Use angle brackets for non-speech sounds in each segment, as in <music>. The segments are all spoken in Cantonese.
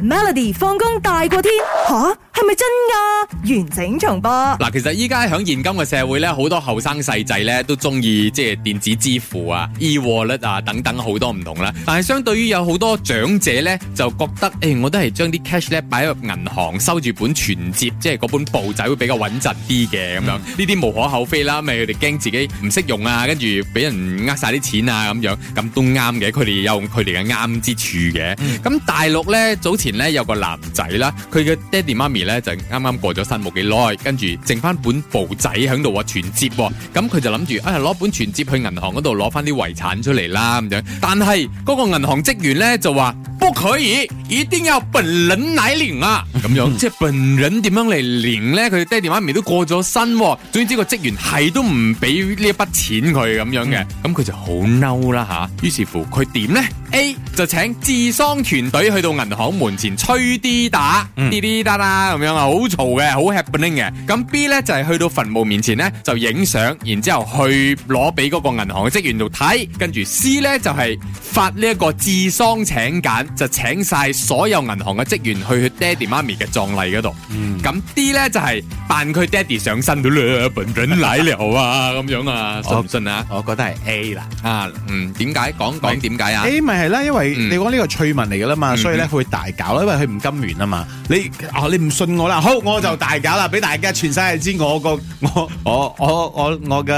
Melody 放工大過天，哈？係咪真噶？完整重播嗱，其實依家響現今嘅社會咧，好多後生細仔咧，都中意即係電子支付啊、eWallet 啊等等，好多唔同啦。但係相對於有好多長者咧，就覺得，誒，我都係將啲 cash 咧擺喺銀行收住本存折，即係嗰本簿仔會比較穩陣啲嘅咁樣。呢啲無可厚非啦，咪佢哋驚自己唔識用啊，跟住俾人呃晒啲錢啊咁樣，咁都啱嘅。佢哋有佢哋嘅啱之處嘅。咁大陸咧，早前咧有個男仔啦，佢嘅爹哋媽咪。咧就啱啱過咗身冇幾耐，跟住剩翻本簿仔喺度話存折，咁佢就諗住哎呀攞本存折去銀行嗰度攞翻啲遺產出嚟啦咁樣，但係嗰、那個銀行職員咧就話不可以，一定要本人嚟領啊，咁樣 <laughs> 即係本人點樣嚟領咧？佢爹哋媽咪都過咗身、哦，總之個職員係都唔俾呢一筆錢佢咁樣嘅，咁 <laughs> 佢就好嬲啦吓，於是乎佢點咧？A 就請治喪團隊去到銀行門前吹啲打，滴滴噠啦咁樣啊，好嘈嘅，好 happening 嘅。咁 B 咧就係去到墳墓面前咧就影相，然之後去攞，俾嗰個銀行嘅職員度睇，跟住 C 咧就係發呢一個治喪請柬，就請晒所有銀行嘅職員去爹哋媽咪嘅葬禮嗰度。咁 D 咧就係扮佢爹哋上身啦，本本奶牛啊咁樣啊。我唔信啊，我覺得係 A 啦。啊，嗯，點解？講講點解啊？誒咪。係啦，因為你講呢個趣聞嚟噶啦嘛，所以咧佢會大搞，因為佢唔甘願啊嘛。你啊，你唔信我啦，好，我就大搞啦，俾大家全世界知我個我我我我我嘅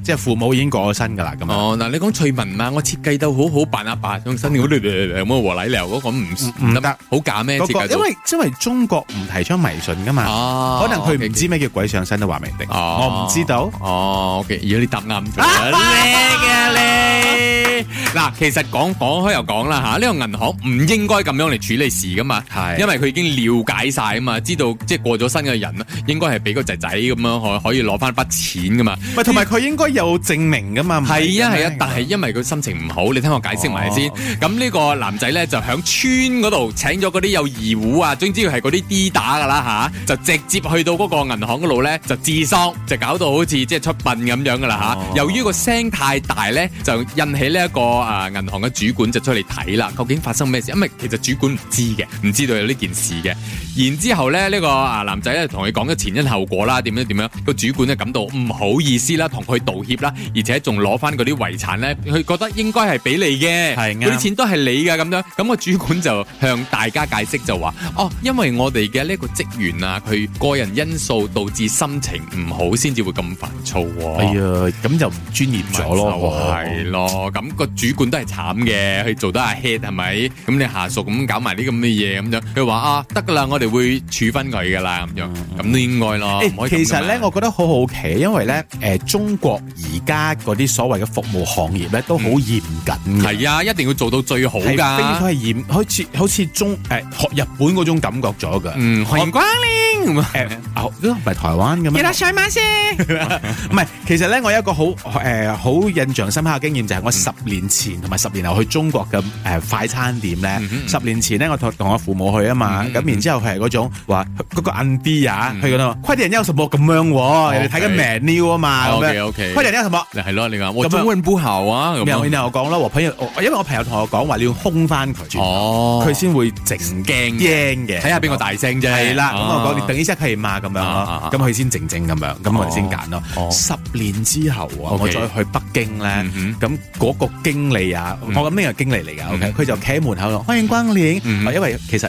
誒，即、呃、係父母已經過咗身噶啦咁。哦，嗱，你講趣聞嘛，我設計到好好扮阿爸上身，我冇和禮料嗰個唔唔得，好假咩設計？因為因為中國唔提倡迷信噶嘛，哦，可能佢唔、okay, 知咩叫鬼上身都話唔定。哦，我唔知道。哦，OK，如果你答啱。啊哈哈啊、其實講講開又講啦吓，呢、啊這個銀行唔應該咁樣嚟處理事噶嘛，係，因為佢已經了解晒啊嘛，知道即係過咗身嘅人應該是，應該係俾個仔仔咁樣可可以攞翻筆錢噶嘛，喂，同埋佢應該有證明噶嘛，係啊係啊，但係因為佢心情唔好、哦，你聽我解釋埋先，咁、哦、呢個男仔咧就響村嗰度請咗嗰啲有義戶啊，總之要係嗰啲 D 打噶啦吓、啊，就直接去到嗰個銀行嗰度咧就自喪，就搞到好似即係出殯咁樣噶啦吓、哦，由於個聲太大咧，就引起呢一個。啊！銀行嘅主管就出嚟睇啦，究竟發生咩事？因為其實主管唔知嘅，唔知道有呢件事嘅。然之後咧，呢個啊男仔咧同佢講咗前因後果啦，點樣點樣。個主管咧感到唔好意思啦，同佢道歉啦，而且仲攞翻嗰啲遺產咧，佢覺得應該係俾你嘅，係啲錢都係你嘅咁樣。咁個主管就向大家解釋就話：，哦，因為我哋嘅呢個職員啊，佢個人因素導致心情唔好，先至會咁煩躁。哎呀，咁就唔專業咗咯，係咯。咁個主。本都係慘嘅，佢做得阿 head 係咪？咁你下屬咁搞埋啲咁嘅嘢，咁樣佢話啊得噶啦，我哋會處分佢噶啦，咁樣咁都應該咯。誒，其實咧，我覺得好好奇，因為咧，誒，中國而家嗰啲所謂嘅服務行業咧，都好嚴謹嘅。係啊，一定要做到最好噶。係都係嚴，好似好似中誒學日本嗰種感覺咗噶。嗯，韓國咧。誒，嗰個唔係台灣嘅咩？而家上馬先，唔係。其實咧，我有一個好誒好印象深刻嘅經驗，就係我十年前同埋十年後去中國嘅誒快餐店咧。十年前咧，我同同我父母去啊嘛，咁然之後佢係嗰種話嗰個暗啲啊，佢嗰度規定人有什麼咁樣，人哋睇緊 menu 啊嘛。O K O K，規定人有什麼？你係咯，你講，我中文不好啊。咁我我講咯，我朋友，因為我朋友同我講話，你要空翻佢住，佢先會靜驚驚嘅。睇下邊個大聲啫。係啦，咁我講你。呢佢係嘛咁樣咯咁佢先靜靜咁樣，咁、啊啊、我哋先揀咯。十、哦哦、年之後啊，okay. 我再去北京咧，咁、嗯、嗰個經理啊、嗯，我諗呢個經理嚟㗎，OK，佢、嗯、就企喺門口度，歡迎光臨、嗯啊。因為其實。